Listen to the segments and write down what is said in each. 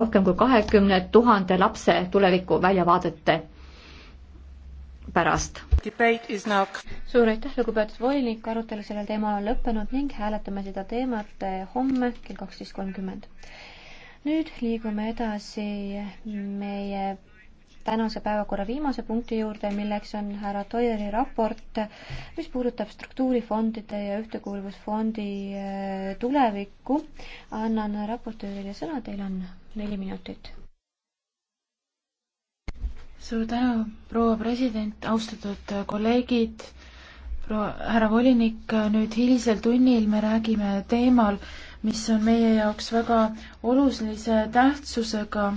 rohkem kui kahekümne tuhande lapse tuleviku väljavaadete pärast. suur aitäh, lugupeetud volinik, arutelu sellel teemal on lõppenud ning hääletame seda teemat eh, homme kell kaksteist kolmkümmend. nüüd liigume edasi meie tänase päevakorra viimase punkti juurde, milleks on härra Toieri raport, mis puudutab struktuurifondide ja ühtekuuluvusfondi äh, tulevikku. annan raportöörile sõna, teil on neli minutit. suur tänu, proua president, austatud kolleegid, proua, härra volinik, nüüd hilisel tunnil me räägime teemal, mis on meie jaoks väga olulise tähtsusega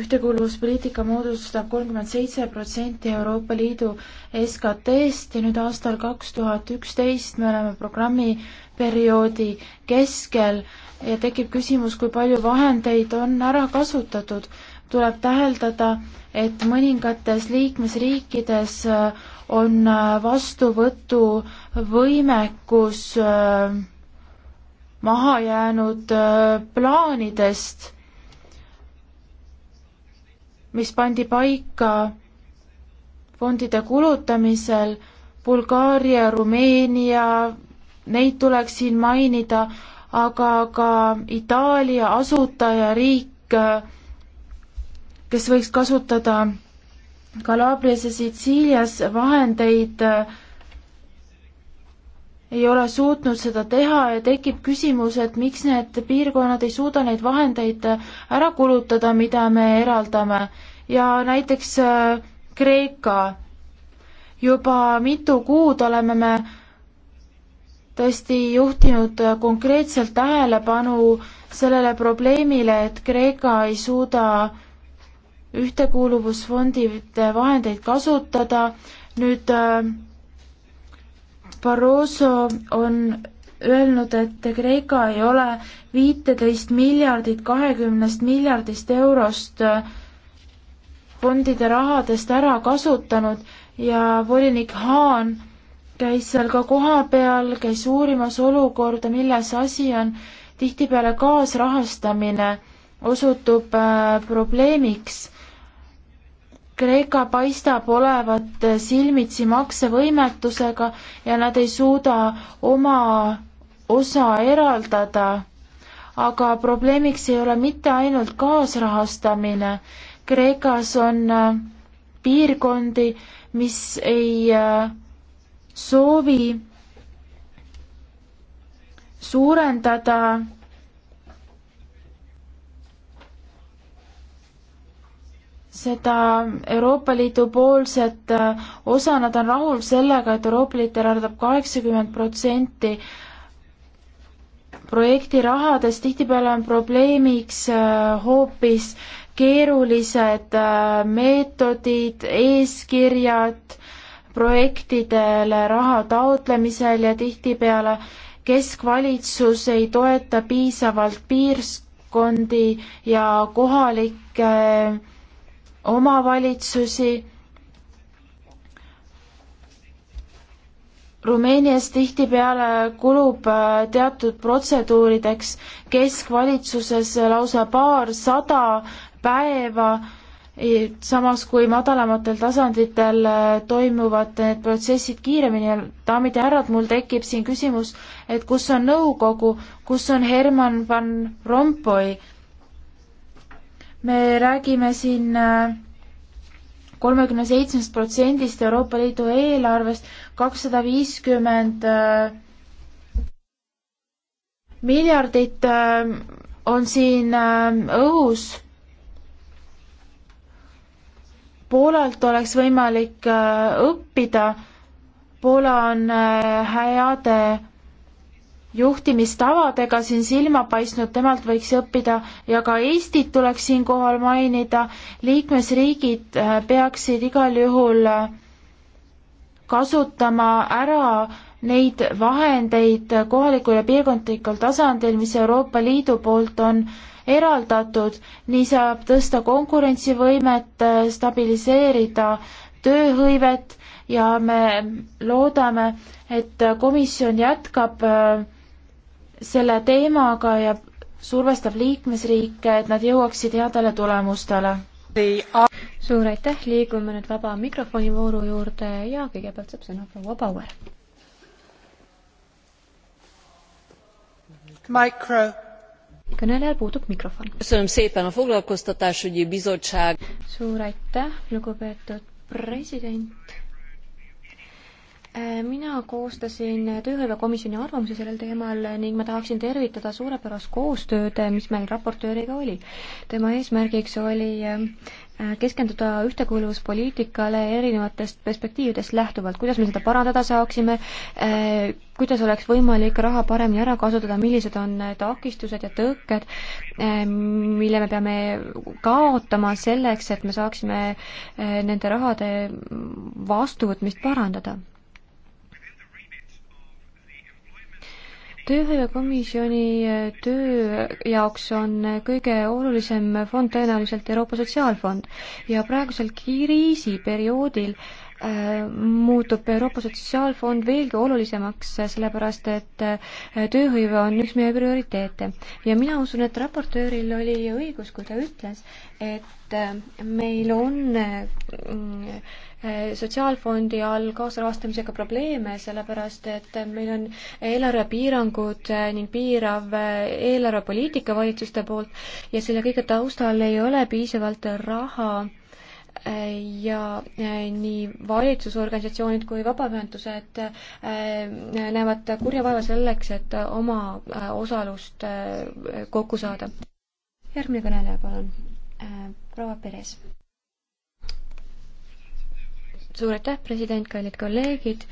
ühtekuuluvuspoliitika moodustab kolmkümmend seitse protsenti Euroopa Liidu SKT-st ja nüüd aastal kaks tuhat üksteist me oleme programmiperioodi keskel ja tekib küsimus, kui palju vahendeid on ära kasutatud. tuleb täheldada, et mõningates liikmesriikides äh, on äh, vastuvõtuvõimekus äh, maha jäänud plaanidest mis pandi paika fondide kulutamisel Bulgaaria, Rumeenia, neid tuleks siin mainida, aga ka Itaalia asutajariik, kes võiks kasutada Kalabrias ja Sitsiilias vahendeid äh, ei ole suutnud seda teha ja tekib küsimus, et miks need piirkonnad ei suuda neid vahendeid ära kulutada, mida me eraldame. ja näiteks äh, Kreeka. juba mitu kuud oleme me tõesti juhtinud konkreetselt tähelepanu sellele probleemile, et Kreeka ei suuda ühtekuuluvusfondi vahendeid kasutada. nüüd äh, Barroso on öelnud, et Kreeka ei ole viiteist miljardit kahekümnest miljardist eurost fondide rahadest ära kasutanud ja volinik Haan käis seal ka kohapeal, käis uurimas olukorda, milles asi on. tihtipeale kaasrahastamine osutub äh, probleemiks Kreeka paistab olevat silmitsi maksevõimetusega ja nad ei suuda oma osa eraldada. aga probleemiks ei ole mitte ainult kaasrahastamine. Kreekas on äh, piirkondi, mis ei äh, soovi suurendada seda Euroopa Liidu poolset äh, osa, nad on rahul sellega, et Euroopa Liit eraldab kaheksakümmend protsenti projekti rahadest, tihtipeale on probleemiks äh, hoopis keerulised äh, meetodid, eeskirjad projektidele raha taotlemisel ja tihtipeale keskvalitsus ei toeta piisavalt piirkondi ja kohalikke äh, omavalitsusi. Rumeenias tihtipeale kulub äh, teatud protseduurideks keskvalitsuses lausa paarsada päeva, samas kui madalamatel tasanditel äh, toimuvad need protsessid kiiremini. daamid ja härrad, mul tekib siin küsimus, et kus on nõukogu, kus on Herman Van Rompuy me räägime siin äh, kolmekümne seitsmest protsendist Euroopa Liidu eelarvest, kakssada viiskümmend äh, miljardit äh, on siin õhus. Poolalt oleks võimalik õppida, Poola on heade juhtimistavadega siin silma paistnud, temalt võiks õppida ja ka Eestit tuleks siinkohal mainida. liikmesriigid äh, peaksid igal juhul äh, kasutama ära neid vahendeid kohalikul ja piirkondlikul tasandil, mis Euroopa Liidu poolt on eraldatud, nii saab tõsta konkurentsivõimet, äh, stabiliseerida tööhõivet ja me loodame, et komisjon jätkab äh, selle teemaga ja survestab liikmesriike, et nad jõuaksid headele tulemustele. suur aitäh, liigume nüüd vaba mikrofoni vooru juurde ja kõigepealt saab sõna proua Bauer. kõnelejal puudub mikrofon. suur aitäh, lugupeetud president Äh, mina koostasin tööhõivekomisjoni arvamuse sellel teemal ning ma tahaksin tervitada suurepärast koostööd, äh, mis meil raportööriga oli. tema eesmärgiks oli äh, keskenduda ühtekuuluvuspoliitikale erinevatest perspektiividest lähtuvalt, kuidas me seda parandada saaksime, kuidas oleks võimalik raha paremini ära kasutada, millised on takistused ja tõkked, mille me peame kaotama selleks, et me saaksime nende rahade vastuvõtmist parandada tööhõivekomisjoni äh, töö jaoks on äh, kõige olulisem fond tõenäoliselt Euroopa Sotsiaalfond ja praegusel kriisiperioodil muutub Euroopa Sotsiaalfond veelgi olulisemaks, sellepärast et äh, tööhõive on üks meie prioriteete. ja mina usun, et raportööril oli õigus, kui ta ütles, et äh, meil on äh, sotsiaalfondi all kaasrahastamisega probleeme, sellepärast et meil on eelarvepiirangud ning piirav eelarvepoliitika valitsuste poolt ja selle kõige taustal ei ole piisavalt raha ja eh, nii valitsusorganisatsioonid kui vabaühendused eh, näevad kurja vaeva selleks, et oma eh, osalust kokku saada. järgmine kõneleja, palun. proua Peres. suur aitäh, president, kallid kolleegid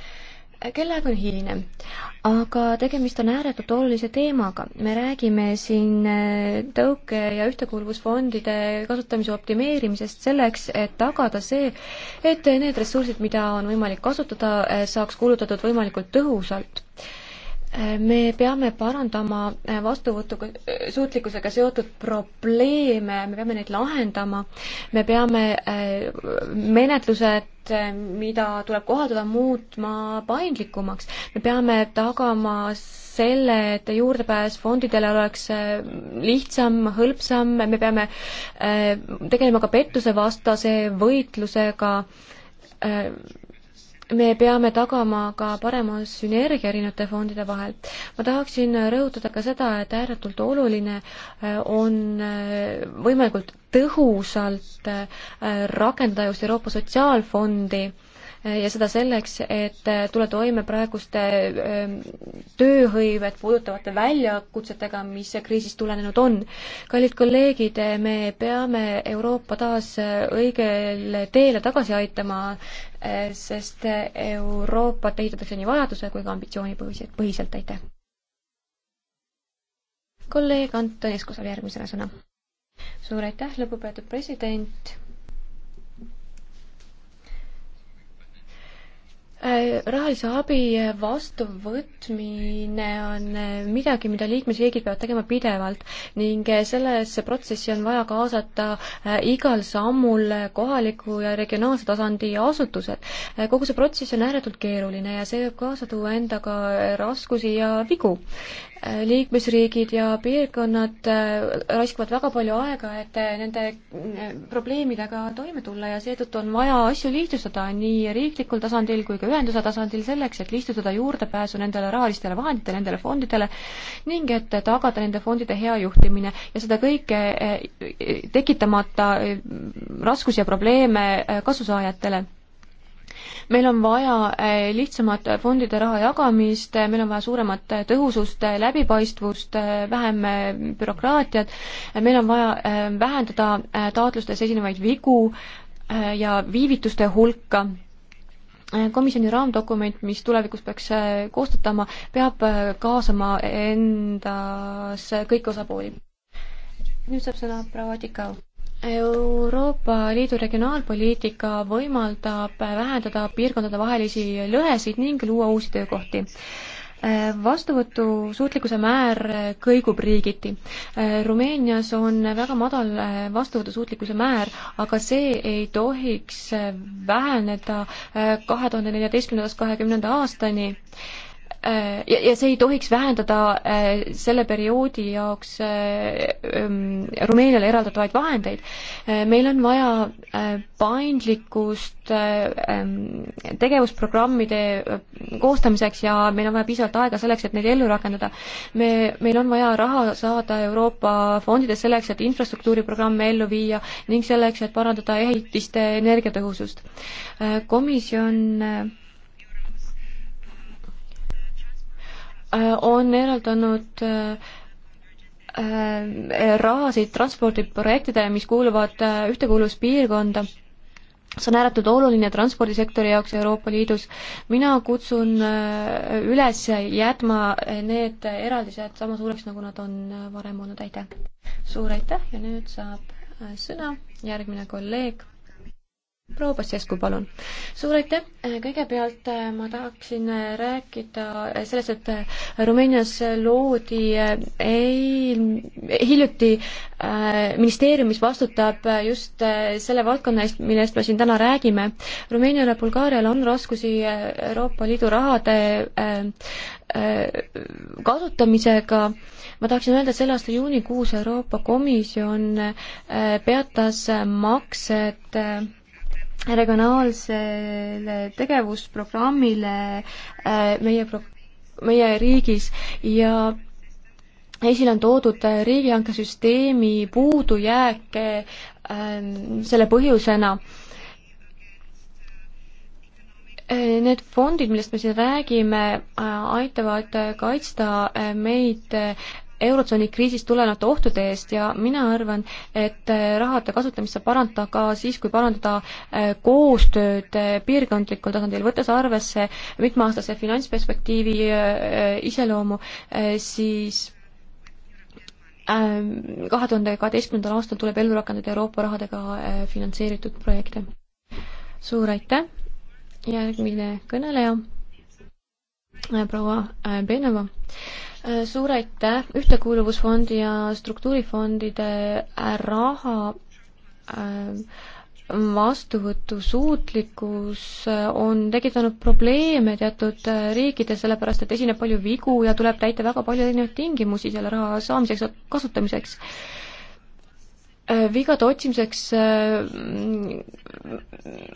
kellaaeg on hiline, aga tegemist on ääretult olulise teemaga. me räägime siin äh, tõuke- ja ühtekuuluvusfondide kasutamise optimeerimisest selleks, et tagada see, et need ressursid, mida on võimalik kasutada, äh, saaks kulutatud võimalikult tõhusalt me peame parandama vastuvõtu suutlikkusega seotud probleeme, me peame neid lahendama, me peame äh, menetlused, äh, mida tuleb kohaldada, muutma paindlikumaks, me peame tagama selle, et juurdepääs fondidele oleks äh, lihtsam, hõlpsam, me peame tegelema ka pettusevastase võitlusega me peame tagama ka parema sünergia erinevate fondide vahel. ma tahaksin rõhutada ka seda, et ääretult oluline äh, on äh, võimalikult tõhusalt äh, rakendada just Euroopa Sotsiaalfondi ja seda selleks, et äh, tulla toime praeguste ähm, tööhõivet puudutavate väljakutsetega, mis kriisist tulenenud on. kallid kolleegid, me peame Euroopa taas äh, õigele teele tagasi aitama, äh, sest Euroopat ehitatakse nii vajaduse kui ka ambitsioonipõhiselt, põhiselt, aitäh! kolleeg Anton Esko saab järgmisena sõna. suur aitäh, lugupeetud president! rahalise abi vastuvõtmine on midagi, mida liikmesriigid peavad tegema pidevalt ning sellesse protsessi on vaja kaasata äh, igal sammul kohaliku ja regionaalse tasandi asutused. Äh, kogu see protsess on ääretult keeruline ja see võib kaasa tuua endaga raskusi ja vigu liikmesriigid ja piirkonnad äh, raiskavad väga palju aega, et äh, nende äh, probleemidega toime tulla ja seetõttu on vaja asju lihtsustada nii riiklikul tasandil kui ka ühenduse tasandil selleks, et lihtsustada juurdepääsu nendele rahalistele vahenditele, nendele fondidele ning et tagada nende fondide hea juhtimine ja seda kõike tekitamata raskusi ja probleeme kasusaajatele meil on vaja eh, lihtsamat fondide raha jagamist, eh, meil on vaja suuremat eh, tõhusust, läbipaistvust, vähem bürokraatiat, meil on vaja vähendada taotlustes esinevaid vigu ja viivituste hulka komisjoni raamdokument, mis tulevikus peaks koostatama, peab kaasama endas kõiki osapooli. nüüd saab sõna proua Tikau. Euroopa Liidu regionaalpoliitika võimaldab vähendada piirkondadevahelisi lõhesid ning luua uusi töökohti vastuvõtusuutlikkuse määr kõigub riigiti. Rumeenias on väga madal vastuvõtusuutlikkuse määr, aga see ei tohiks väheneda kahe tuhande neljateistkümnendast kahekümnenda aastani Äh, ja, ja see ei tohiks vähendada äh, selle perioodi jaoks äh, ähm, Rumeeniale eraldatavaid vahendeid. meil on vaja paindlikkust ähm, tegevusprogrammide koostamiseks ja meil on vaja piisavalt aega selleks, et neid ellu rakendada. me, meil on vaja raha saada Euroopa fondidest selleks, et infrastruktuuriprogramme ellu viia ning selleks, et parandada ehitiste energiatõhusust. komisjon on eraldanud äh, äh, rahasid transpordiprojektidele, mis kuuluvad äh, ühtekuuluvuspiirkonda. see on ääretult oluline transpordisektori jaoks Euroopa Liidus. mina kutsun üles jätma need eraldised sama suureks, nagu nad on varem olnud, aitäh! suur aitäh ja nüüd saab sõna järgmine kolleeg proua Pasescu, palun. suur aitäh, kõigepealt äh, ma tahaksin äh, rääkida äh, sellest, et Rumeenias loodi ei, hiljuti ministeerium, mis vastutab just selle valdkonna eest, millest me siin täna räägime. Rumeenial ja Bulgaarial on raskusi Euroopa Liidu rahade kasutamisega, ma tahaksin öelda, et selle aasta juunikuus Euroopa Komisjon peatas maksed regionaalsele tegevusprogrammile äh, meie pro-, meie riigis ja esile on toodud äh, riigihankesüsteemi puudujääke äh, selle põhjusena. Need fondid, millest me siin räägime, aitavad kaitsta meid Eurotsooni kriisist tulenevate ohtude eest ja mina arvan, et äh, rahade kasutamist saab parandada ka siis, kui parandada äh, koostööd äh, piirkondlikul tasandil, võttes arvesse mitmeaastase finantsperspektiivi iseloomu, siis ähm, kahe tuhande kaheteistkümnendal aastal tuleb ellu rakendada Euroopa rahadega finantseeritud projekte. suur aitäh, järgmine kõneleja Äh, proua äh, Benova. Äh, suur aitäh, Ühtekuuluvusfondi ja struktuurifondide raha vastuvõtusuutlikkus on tekitanud probleeme teatud riikides, sellepärast et esineb palju vigu ja tuleb täita väga palju erinevaid tingimusi selle raha saamiseks ja kasutamiseks Äh, vigade otsimiseks äh,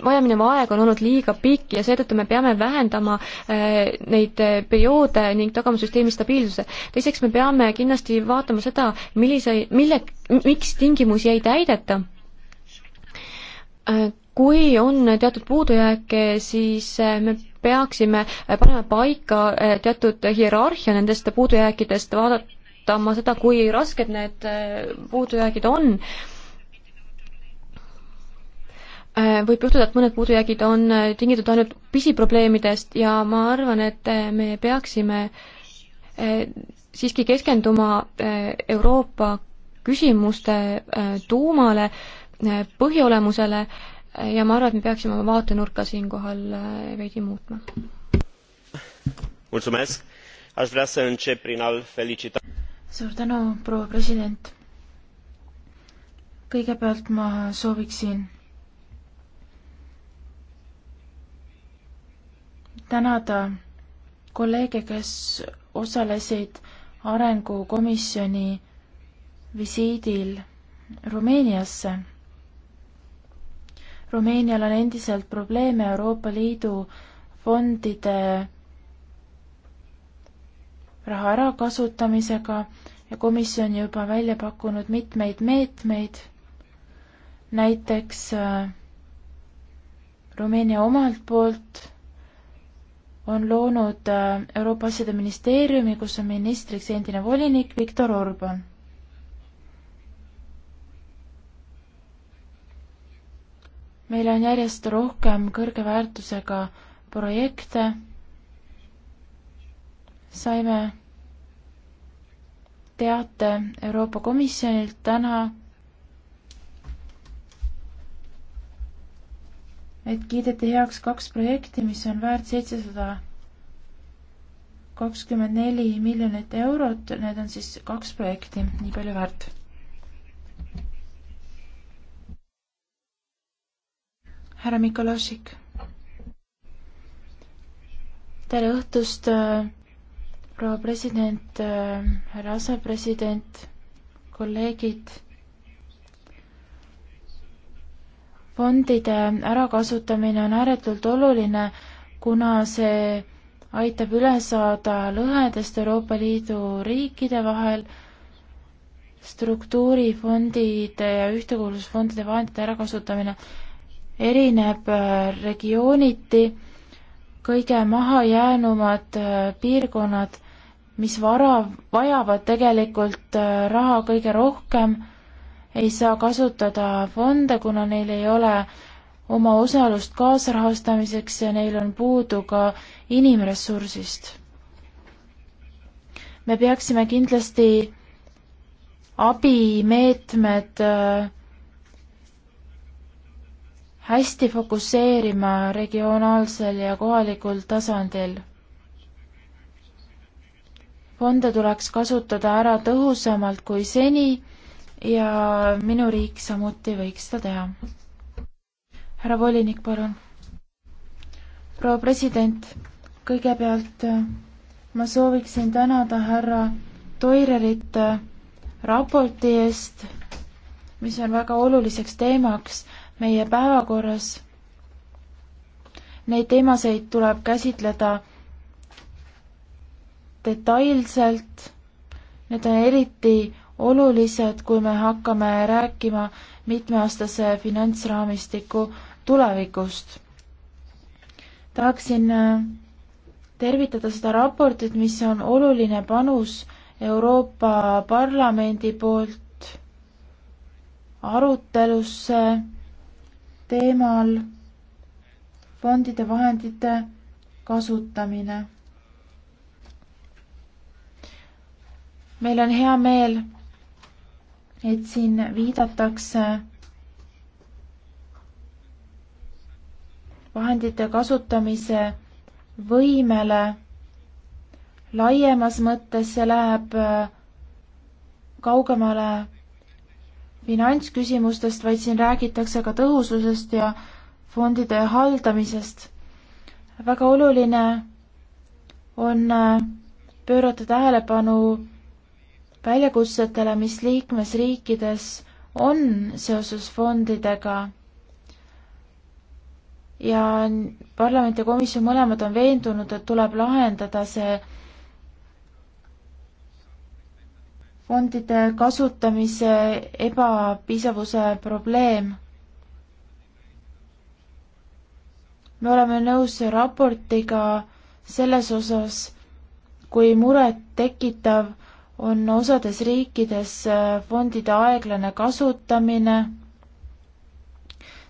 vajamineva aeg on olnud liiga pikk ja seetõttu me peame vähendama äh, neid perioode ning tagama süsteemi stabiilsuse. teiseks, me peame kindlasti vaatama seda, millise, mille, miks tingimusi ei täideta. kui on teatud puudujääke, siis me peaksime panema paika teatud hierarhia nendest puudujääkidest, vaadata, arutama seda, kui rasked need äh, puudujäägid on. Äh, võib juhtuda, et mõned puudujäägid on äh, tingitud ainult pisiprobleemidest ja ma arvan, et me peaksime siiski keskenduma Euroopa küsimuste tuumale, põhiolemusele ja ma arvan, et me peaksime oma vaatenurka siinkohal veidi muutma. aș vrea să încep prin a l felicita suur tänu, proua president. kõigepealt ma sooviksin tänada kolleege, kes osalesid arengukomisjoni visiidil Rumeeniasse. Rumeenial on endiselt probleeme Euroopa Liidu fondide raha ärakasutamisega ja komisjon juba välja pakkunud mitmeid meetmeid, näiteks äh, Rumeenia omalt poolt on loonud äh, Euroopa Asjade Ministeeriumi, kus on ministriks endine volinik Viktor Orban. meil on järjest rohkem kõrge väärtusega projekte saime teate Euroopa Komisjonilt täna, et kiideti heaks kaks projekti, mis on väärt seitsesada kakskümmend neli miljonit eurot, need on siis kaks projekti, nii palju väärt. härra Mikolašik. tere õhtust äh, proua president, äh, härra asepresident, kolleegid. fondide ärakasutamine on ääretult oluline, kuna see aitab üle saada lõhedest Euroopa Liidu riikide vahel struktuurifondide ja ühtekuuluvusfondide vahendite ärakasutamine erineb äh, regiooniti, kõige mahajäänumad äh, piirkonnad mis vara, vajavad tegelikult äh, raha kõige rohkem, ei saa kasutada fonde, kuna neil ei ole oma osalust kaasrahastamiseks ja neil on puudu ka inimressursist. me peaksime kindlasti abimeetmed äh, hästi fokusseerima regionaalsel ja kohalikul tasandil fonde tuleks kasutada ära tõhusamalt kui seni ja minu riik samuti võiks seda teha. härra volinik, palun. proua president, kõigepealt äh, ma sooviksin tänada härra Toirerit äh, raporti eest, mis on väga oluliseks teemaks meie päevakorras. Neid teemasid tuleb käsitleda detailselt. Need on eriti olulised, kui me hakkame rääkima mitmeaastase finantsraamistiku tulevikust. tahaksin äh, tervitada seda raportit, mis on oluline panus Euroopa Parlamendi poolt arutelusse teemal fondide vahendite kasutamine meil on hea meel, et siin viidatakse vahendite kasutamise võimele laiemas mõttes, see läheb äh, kaugemale finantsküsimustest, vaid siin räägitakse ka tõhususest ja fondide haldamisest. väga oluline on äh, pöörata tähelepanu väljakutsetele, mis liikmesriikides on seoses fondidega. ja parlament ja komisjon mõlemad on veendunud, et tuleb lahendada see fondide kasutamise ebapiisavuse probleem. me oleme nõus raportiga selles osas, kui muret tekitav on osades riikides äh, fondide aeglane kasutamine,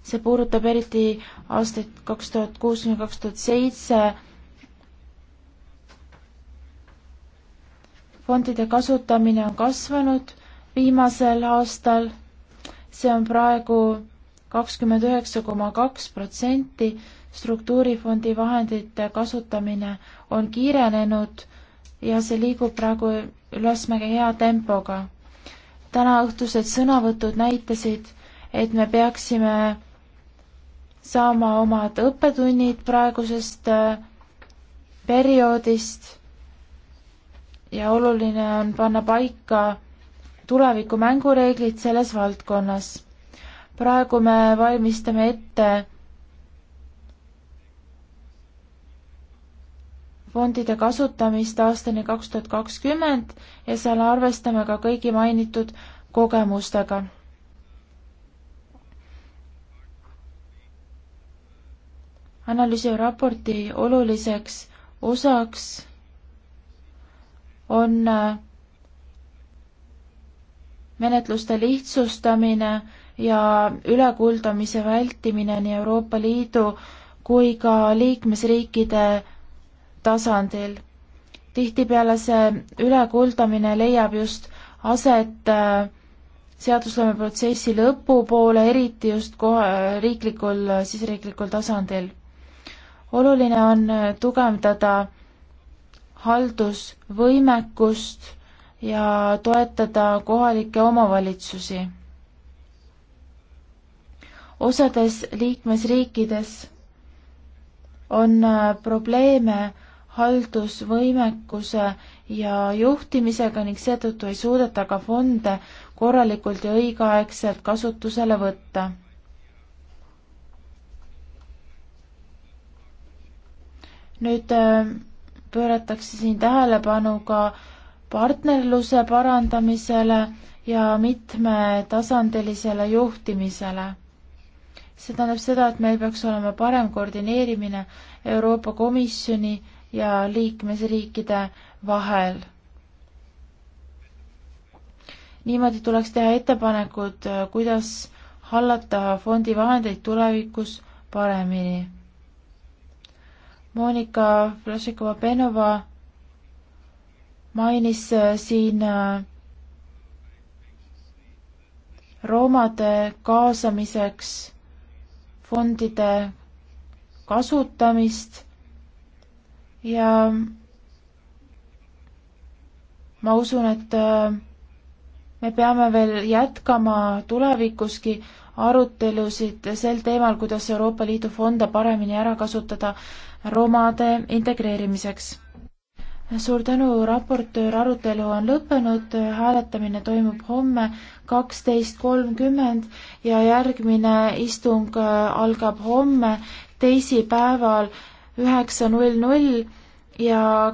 see puudutab eriti aastaid kaks tuhat kuus kuni kaks tuhat seitse, fondide kasutamine on kasvanud viimasel aastal, see on praegu kakskümmend üheksa koma kaks protsenti, struktuurifondi vahendite kasutamine on kiirenenud ja see liigub praegu ülesmäge hea tempoga. tänaõhtused sõnavõtud näitasid, et me peaksime saama omad õppetunnid praegusest äh, perioodist ja oluline on panna paika tuleviku mängureeglid selles valdkonnas. praegu me valmistame ette fondide kasutamist aastani kaks tuhat kakskümmend ja seal arvestame ka kõigi mainitud kogemustega. analüüsi raporti oluliseks osaks on äh, menetluste lihtsustamine ja ülekuldamise vältimine nii Euroopa Liidu kui ka liikmesriikide tasandil. tihtipeale see ülekuldamine leiab just aset äh, seadusloomeprotsessi lõpupoole, eriti just kohe äh, riiklikul, äh, siseriiklikul tasandil. oluline on tugevdada haldusvõimekust ja toetada kohalikke omavalitsusi. osades liikmesriikides on probleeme haldusvõimekuse ja juhtimisega ning seetõttu ei suudeta ka fonde korralikult ja õigeaegselt kasutusele võtta. nüüd äh, pööratakse siin tähelepanu ka partnerluse parandamisele ja mitmetasandilisele juhtimisele see tähendab seda, et meil peaks olema parem koordineerimine Euroopa Komisjoni ja liikmesriikide vahel. niimoodi tuleks teha ettepanekud, kuidas hallata fondi vahendeid tulevikus paremini. Monika Vlašikova-Penova mainis äh, siin äh, roomade kaasamiseks fondide kasutamist ja ma usun, et äh, me peame veel jätkama tulevikuski arutelusid sel teemal, kuidas Euroopa Liidu fonde paremini ära kasutada romade integreerimiseks. suur tänu, raportöör, arutelu on lõppenud, hääletamine toimub homme kaksteist kolmkümmend ja järgmine istung äh, algab homme teisipäeval üheksa null null ja